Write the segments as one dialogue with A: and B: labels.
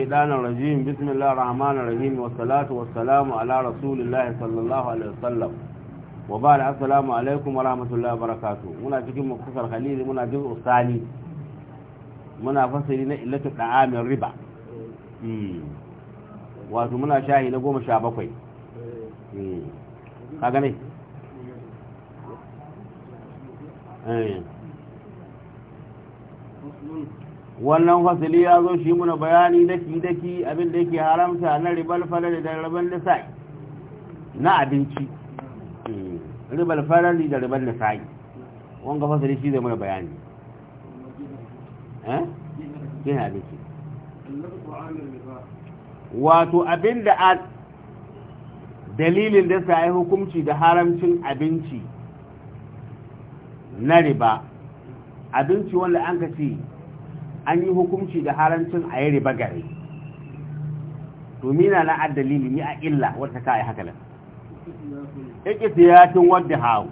A: الشيطان الرجيم بسم الله الرحمن الرحيم والصلاة والسلام على رسول الله صلى الله عليه وسلم وبعد السلام عليكم ورحمة الله وبركاته منا تكون مختصر خليل منا جزء الثاني منا فصلنا إلا تتعام الربا واتو منا شاهي نقوم شابكوي sha ايه
B: ka
A: wannan fasili ya zo shi muna bayani daki daki abin da yake haramta na ribal farari da ribal nisa'i na abinci eh, ribal farari da ribal nisa'i wanga fasili shi zai muna bayani eh abinci wato abin da a dalilin da sa yi hukunci da haramcin abinci na riba abinci wanda an ka ce an yi hukunci da harancin a yare bagare gare domin na addalili ni a illa wata ka yi hakalan ƙiƙi siyatin wadda hau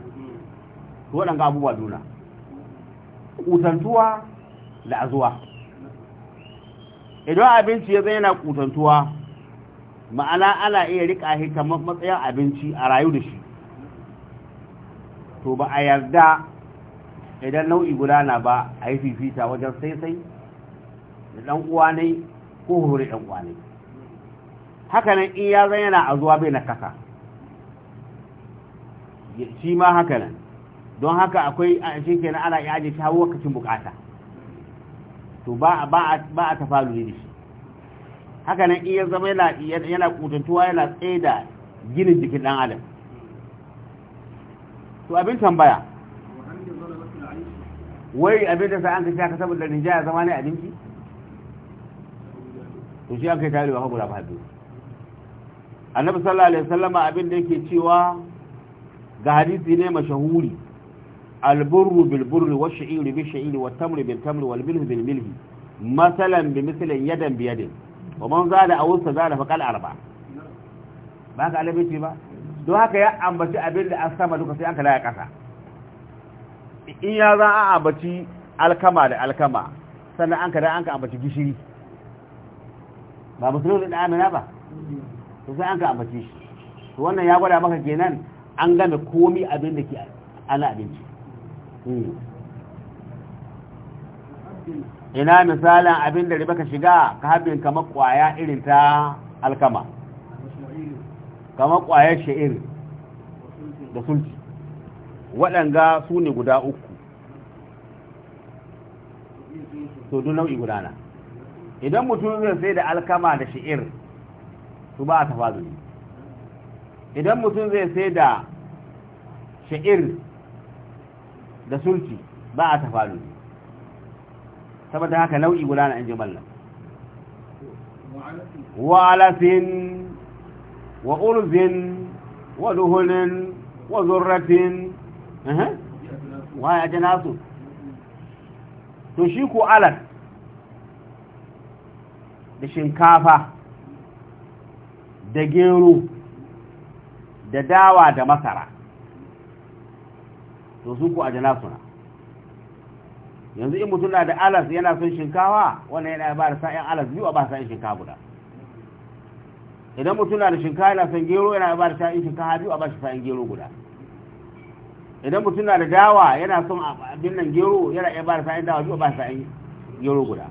A: to waɗanga abubuwa duna kutantuwa da azuwa idan abinci ya zai na kutantuwa ma'ana ana iya riƙa shi kamar matsayin abinci a rayu da shi to ba a yarda idan nau'i gudana ba a yi fifita wajen sai sai da dan uwa ne ko hore dan uwa ne haka nan in ya zan yana azuwa bai na kasa shi ma haka nan don haka akwai a shi kenan ana iya aje shi har bukata to ba ba ba a tafalu ne shi haka nan in ya zama yana yana kutantuwa yana tsaida ginin jikin dan adam to abin tambaya wai abin da sa an ka shaka saboda rinjaya zama ne abinci to shi aka yi tare ba guda ba biyu annabi sallallahu alaihi wasallam abin da yake cewa ga hadisi ne mashahuri alburru bil burri wa shi'iri bil shi'iri wa tamri bil tamri wal milhi bil milhi masalan bi mislin yadan bi yadin wa man zada aw zada fa qal arba ba ka alabi ba don haka ya ambaci abin da an sama duka sai an kala ya kasa in ya za a ambaci alkama da alkama sannan an kada an ka ambaci gishiri ba musulmi da amina ba to sai an ka ambace shi to wannan ya gwada maka kenan an game komi abin da ke ana abinci hmm. ina misalin abin da ribaka shiga ka haɓin kamar ƙwaya irin ta alkama kamar ƙwayar sha'ir da sulci waɗanga su ne guda uku to duk nau'i na. idan mutum zai sai da alkama da shi'ir su ba a tafazuli idan mutum zai sai da shi'ir da sulci ba a tafazuli saboda haka nau'i guda na inji mallam wa alafin wa ulzin wa wa zurratin wa ya jana to shi ku alat da shinkafa da gero da dawa da masara to su ku a suna yanzu in mutum na da alas yana son shinkawa wannan yana ba da sa'in alas biyu a ba sa'in shinkawa guda idan mutum na da shinkawa yana son gero yana ba da sa'in shinkawa biyu a ba shi sa'in gero guda idan mutum na da dawa yana son abin nan gero yana ba da sa'in dawa biyu a ba sa'in gero guda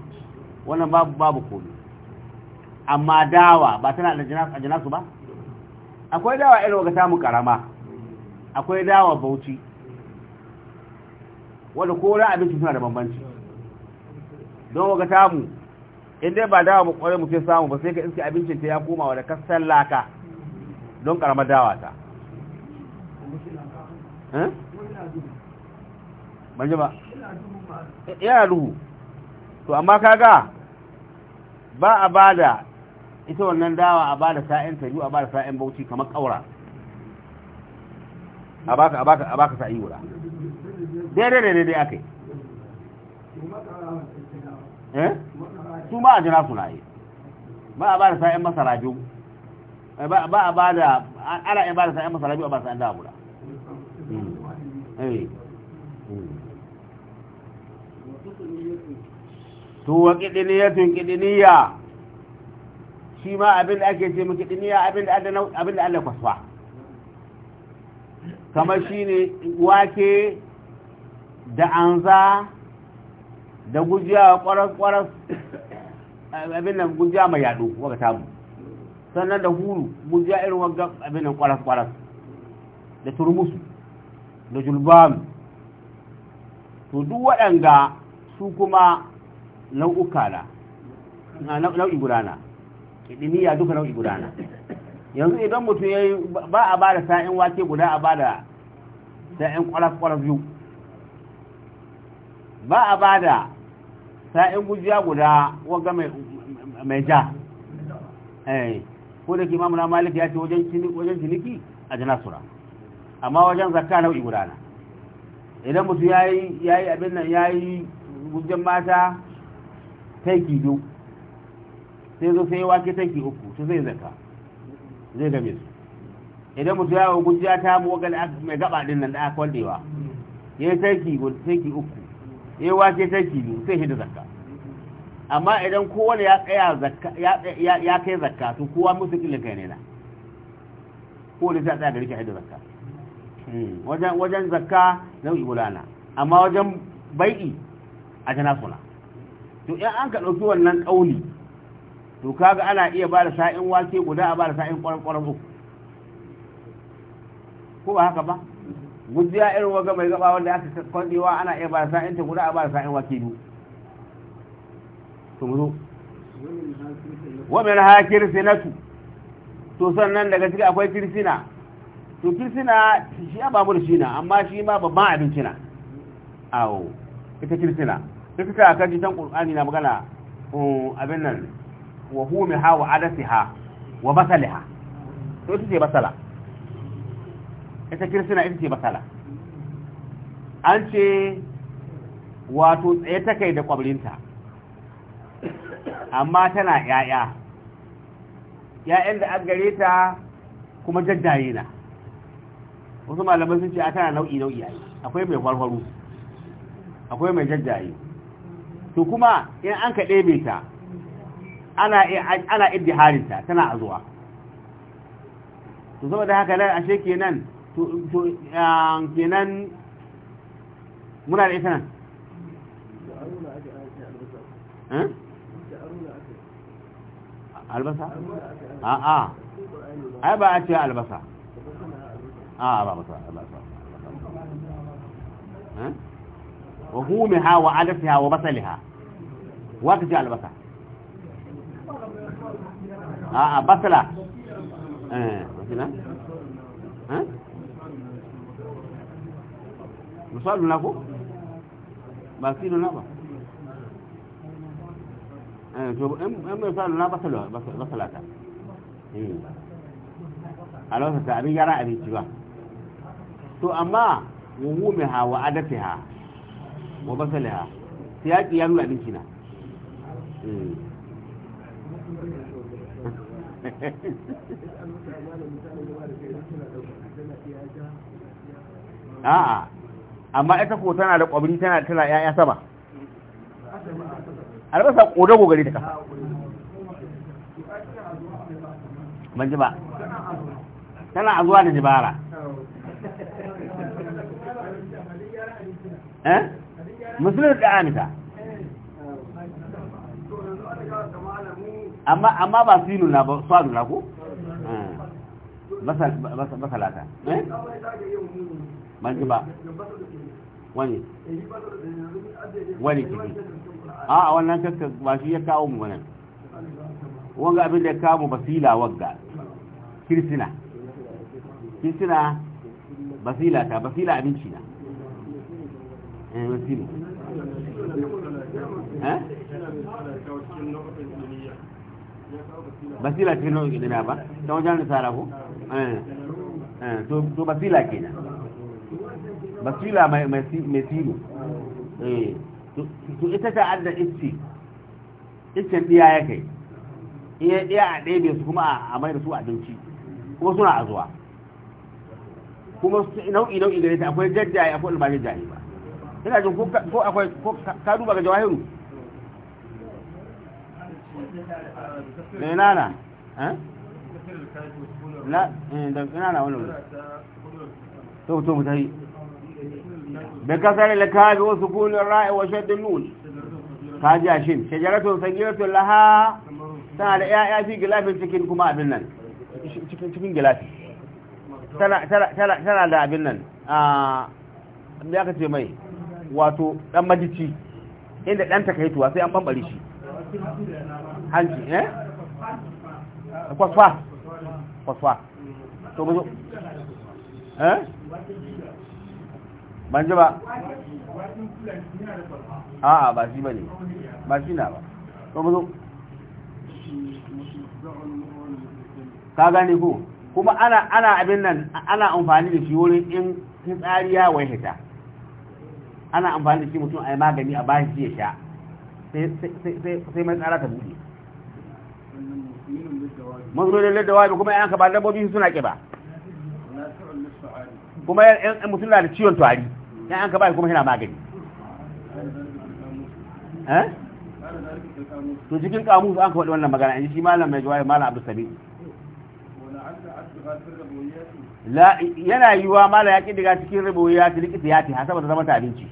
A: wannan babu babu komai amma dawa ba tana da jinasu ba akwai dawa irin waga samun karama akwai dawa bauchi wadda kowane abinci suna da bambanci don waga samu inda ba dawa kwarai mutum samu ba sai ka iske abincin ta ya koma wadda kasar laka don karama dawa ta eh? ba yana duhu to amma kaga ba a bada ita wannan dawa a ba da sa'in ta a ba da sa'in bauchi kamar ƙaura a baka ka baka a sa'i guda daidai daidai dai aka yi
B: eh? su
A: ma a jina suna yi ba a ba da sa'in masara eh, ba a ba da ala iya ba da sa'in masara biyu a ba sa'in dawa guda
B: hmm. eh. hmm.
A: to wa tun kidiniya shi ma abin da ake ce miki dimiya abin da Allah kwasfa kamar shi ne wake da anza da gujiya kwaras-kwaras abin nan gujiya mai yadu waka tamu sannan da hulu gujiya irin wanga abin nan kwaras-kwaras da turmusu da julbam to duk waɗanda su kuma nau'uka na nau'i gudana niyya duka nau'i gudana yanzu idan mutum ya yi ba a ba da sa'in wake guda a ba da sa'in kwarar-kwarar biyu ba a ba da sa'in gujiya guda waga mai ja eh, ko da ke mamuna malik ya ce wajen ciniki a janasura amma wajen zakka nau'i gudana idan mutum ya yi abin nan ya yi gujjen mata taiki biyu sai zo sai wake tanki uku su zai zaka zai game su idan mutu ya wa gujiya ta mu wagal mai gaba din nan da aka waldewa yayi tanki guda tanki uku yayi wake tanki biyu sai hidda zakka amma idan kowane ya tsaya zakka ya kai zakka to kowa musu kila kai ne na kowane sai tsaya gari ka hidda zakka hmm, wajen wajen zakka nau'i gudana amma wajen bai'i a tana suna to in an ka ɗauki wannan ƙauni to kaga ana iya ba da sa'in wake guda a ba da sa'in kwaran-kwaran uku ko ba haka ba gujiya irin waga mai gaba wanda aka kwandewa ana iya ba da sa'in ta guda a ba da sa'in wake biyu to muzo wamin wa min kirsinatu to sannan daga cikin akwai kirsina to kirsina shi ya bamu da shi na amma shi ma babban abinci na awo ita kirsina ita ta kaji tan qur'ani na magana mm, abin nan wa humiha wa adasiha wa masaliha to ita ce basala ita kirsina ita ce basala an ce wato tsaye ta kai da kwabrinta amma tana yaya yayan da an gare ta kuma jajjaye na wasu malamai sun ce a tana nau'i nau'i akwai mai farfaru akwai mai jajjaye to kuma in an ka ɗebe ta ana ana iddiharinta tana azuwa to saboda haka nan ashe kenan to to kenan muna da ita nan
B: albasa a a ai ba a ce albasa a ba ba albasa wa humiha
A: wa adasiha wa basaliha wa ta ce albasa
B: a'a basala eh wasina eh musalu na ko ba sino na ba eh to em em musalu basala basala
A: ta eh
B: hmm.
A: alawsa ta abin yara abin ci ba to amma ha, wa adatiha wa basalaha siyaki ya nuna abin kina
B: eh hmm. a'a
A: amma ita ko tana da kwabri tana tana yaya sama albasa kodago gare ta kasa ban ji ba tana a zuwa da jibara
B: eh musulun da amita amma
A: amma ba su nuna ba su nuna ko masalata eh.
B: eh ban ba wani wani kiki a
A: wannan kakka ba shi ya kawo mu wannan wanga abin da ya kawo mu basila wagga kirsina
B: kirsina basila ta basila abinci na eh basila eh basila ce nau'in gidana ba ta wajen risala ko eh, eh, to
A: basila kenan basila mai silo eh, to ita ta adda isti isken ɗiya ya kai iya ɗiya a ɗaya su kuma a mai da su abinci kuma suna a zuwa kuma nau'i nau'i gare ta akwai jajjaye akwai albajin jaye ba ina jin ko akwai ko ka duba ga jawahiru
B: Eh? Eh, da inana na da inana wani wuri to to mu tayi da
A: kasar lakabi wa sukunin ra'i wa shaddin nun ka ji a ashin shajaratun sagiratun laha tana da ya'ya fi gilafin cikin kuma abin nan cikin gilafi tana da abin nan a ah, ya ka ce mai wato dan majici inda dan takaituwa sai an bambare shi
B: hanji eh kwaswa kwaswa to buzo
A: eh ban ji ba
B: a'a ba shi bane
A: ba shi na ba to buzo ka gane ko kuma ana ana abin nan ana amfani da shi wurin in tsariya wai hita ana amfani da shi mutum a yi magani a bayan shi ya sha sai mai tsara ta buɗe mazmunin ladawa kuma yan ka ba dabbobi suna ba kuma yan mutum na da ciwon tari yan an ka ba kuma yana magani
B: eh? to
A: cikin kamus an ka faɗi wannan magana in shi malam mai jawai malam abdul sami la yana yiwa malam ya kiddiga cikin ya ta likita ya ta saboda zama ta abinci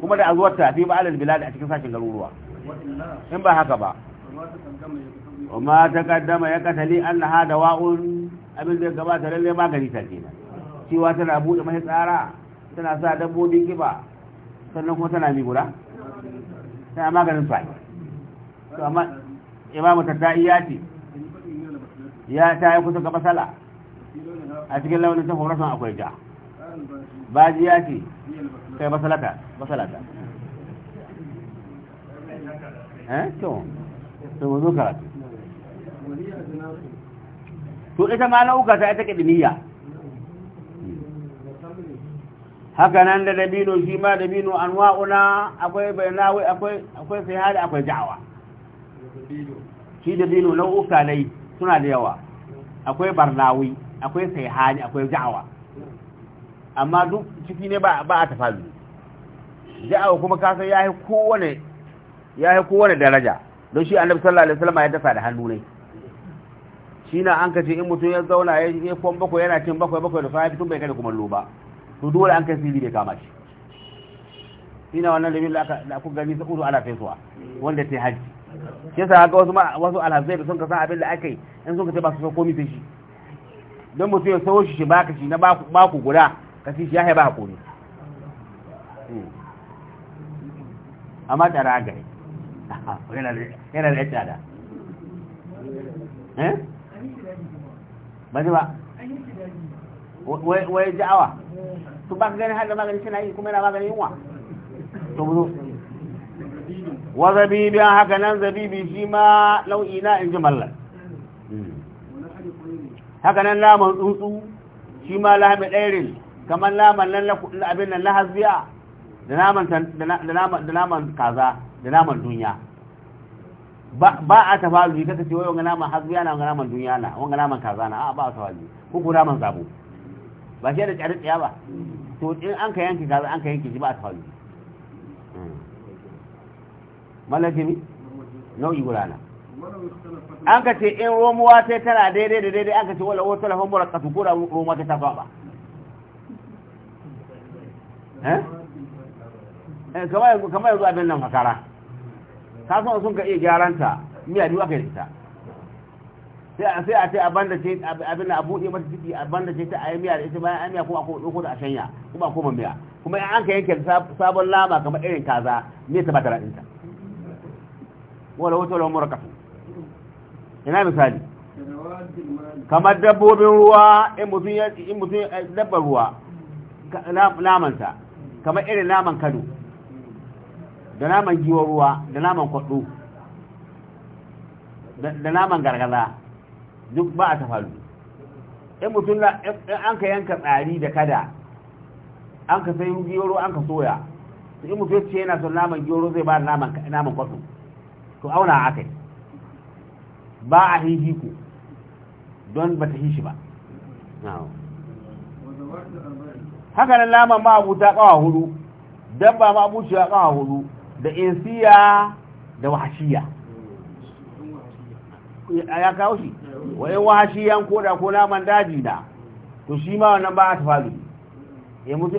B: kuma da azuwar ta
A: fi ba alal bilad a cikin sashen garuruwa in ba haka ba وما تقدم يا قتلي أن da واء abin zai gabata lalle magani ta kenan cewa tana bude mai tsara tana sa dabbobi kiba sannan kuma tana mi guda tana maganin sai to amma imamu tatta'i ya ce ya ta yi kusa ga masala a cikin launin ta horasan akwai ja
B: ji ya ce kai basalata basalata eh to to karatu
A: to ita ma nau'uka ta ita kadimiyya haka nan da dabino shi ma dabino anwa'una akwai bainawi akwai akwai sihari akwai da'awa shi dabino uka ne suna da yawa akwai barnawi akwai sihari akwai da'awa amma duk ciki ne ba ba a tafalu da'awa kuma kasa yayi kowane yayi kowane daraja don shi annabi sallallahu alaihi wasallam ya dafa da hannu ne shi na an kace in mutum ya zauna ya yi kwan bakwai yana cin bakwai bakwai da safi tun bai kada kuma loba to dole an kai sirri bai kama shi shi na wannan dabin da aka gani sa uzu ana fesuwa wanda ta haji shi yasa ga wasu wasu alhazai da sun ka san abin da aka yi in sun ka ce ba su komai sai shi don mutum ya sawo shi shi baka shi na baku guda ka shi ya haiba hakuri hmm. amma tara gari yana da tsada eh ba ji ba wai ja'awa to ba ka gani har da magani suna yi kuma yana maganin yunwa to buzo wa zabibin haka nan zabibi shi ma lau’ina in ji mallar hmm. haka nan naman tsuntsu shi ma lahamin ɗairin kamar naman nan abin nan na hasbiya da naman kaza da naman duniya ba a tafalu kaka ce wanga naman hazu yana wanga naman duniya na wanga naman kaza na a ba a tafalu ko ko naman zabo ba shi da tsari tsaya ba to in an ka yanki kaza an ka yanki shi ba a tafalu hmm. mallaki ne
B: nau'i gurana an
A: ka ce in romuwa sai tana daidai da daidai an ka ce wala wata lafan kasu ko da romuwa ta tafa ba eh? Eh, kamar yanzu abin nan fasara ka san sun ka iya gyaran ta miya biyu aka yi ta sai sai a ce a banda ce abin da abu mata ciki a banda ce ta ayi miya da ita bayan an miya ko ko ko da a shanya ba ko miya kuma in an ka yanke sabon lama kamar irin kaza me ta bata radin ta wala wato la murakatu ina misali
B: kamar dabbobin
A: ruwa in mutum in mutum dabbar ruwa naman sa kamar irin naman kano da naman giwon ruwa da naman kwaɗo da naman gargaza duk ba a tafalu in mutum an ka yanka tsari da kada an ka sayi ruwa an ka soya su in mutum ce yana son naman ruwa zai ba naman kwaɗo to auna aka kai. ba a hihi ku don ba ta hishi ba haka nan naman ma ta kawa hudu dabba ma ya kawa hudu da insiya da wahashiya ya kawo shi wani wahashiyan koda ko naman daji na, to shi ma wannan ba a tafalu ya mutu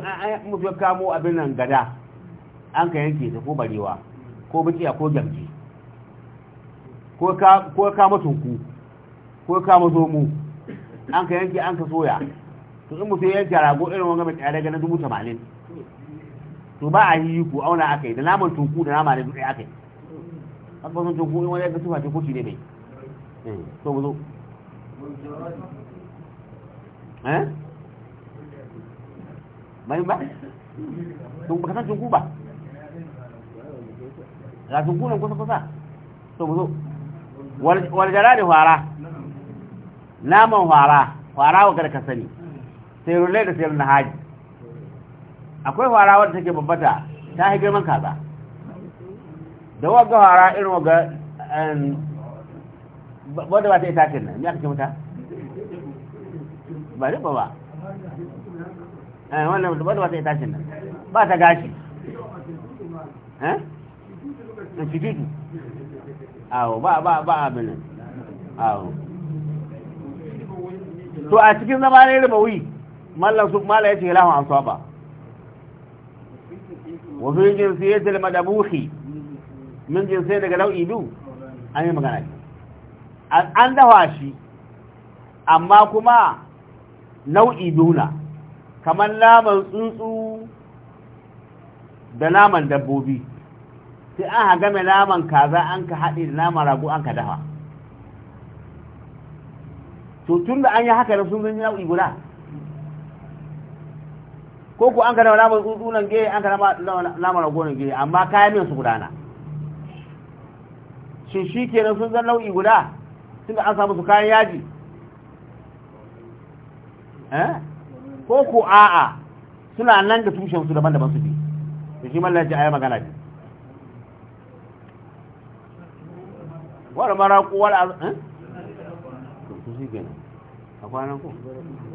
A: ya kamo abin nan gada an ka yanke ta ko barewa ko bukiya ko gyamji ko ya kama tunku ko ya kama zomo an ka yanke an ka soya to in mutu ya yanke rago irin wanga mai tsare ganin dubu tamanin to ba a yi ku auna aka yi da naman tunku da nama da dutse aka yi akwai sun tunku in wani yadda tufa ce kuci ne bai so eh, mu zo eh
B: bai ba tun baka san tunku ba ga tunku
A: nan kusa kusa so mu zo da fara naman fara fara wa karka sani sai rulle da sayar na haji akwai fara wadda take babbata ta yi girman kaza da waga fara irin waga um, wadda ba ta yi takin nan ya kake mutu
B: ba riba ba eh, wannan wadda ba ta yi takin nan ba ta gashi eh? eh fitu awo ba ba ba nan
A: awo to a cikin zama ne riba mallan su mala ya ce lahun an saba wa fi jinsiyatil madabuhi min jinsai daga nau'i biyu an yi magana an dawa shi amma kuma nau'i biyu kamar naman tsuntsu da naman dabbobi sai an haga mai naman kaza an ka haɗe da naman rago an ka dafa tun da an yi haka da sun zai nau'i guda ko ku an ka da lamar tsutsunan ge an ka lamar ragonin ge amma kayan yin su gudana shin shi kenan sun zan nau'i guda sun da an samu su kayan yaji eh? ko ku a'a suna nan da tushen su daban-daban su bi da shi ji a yi magana bi wadda mara kowar a kwanan ku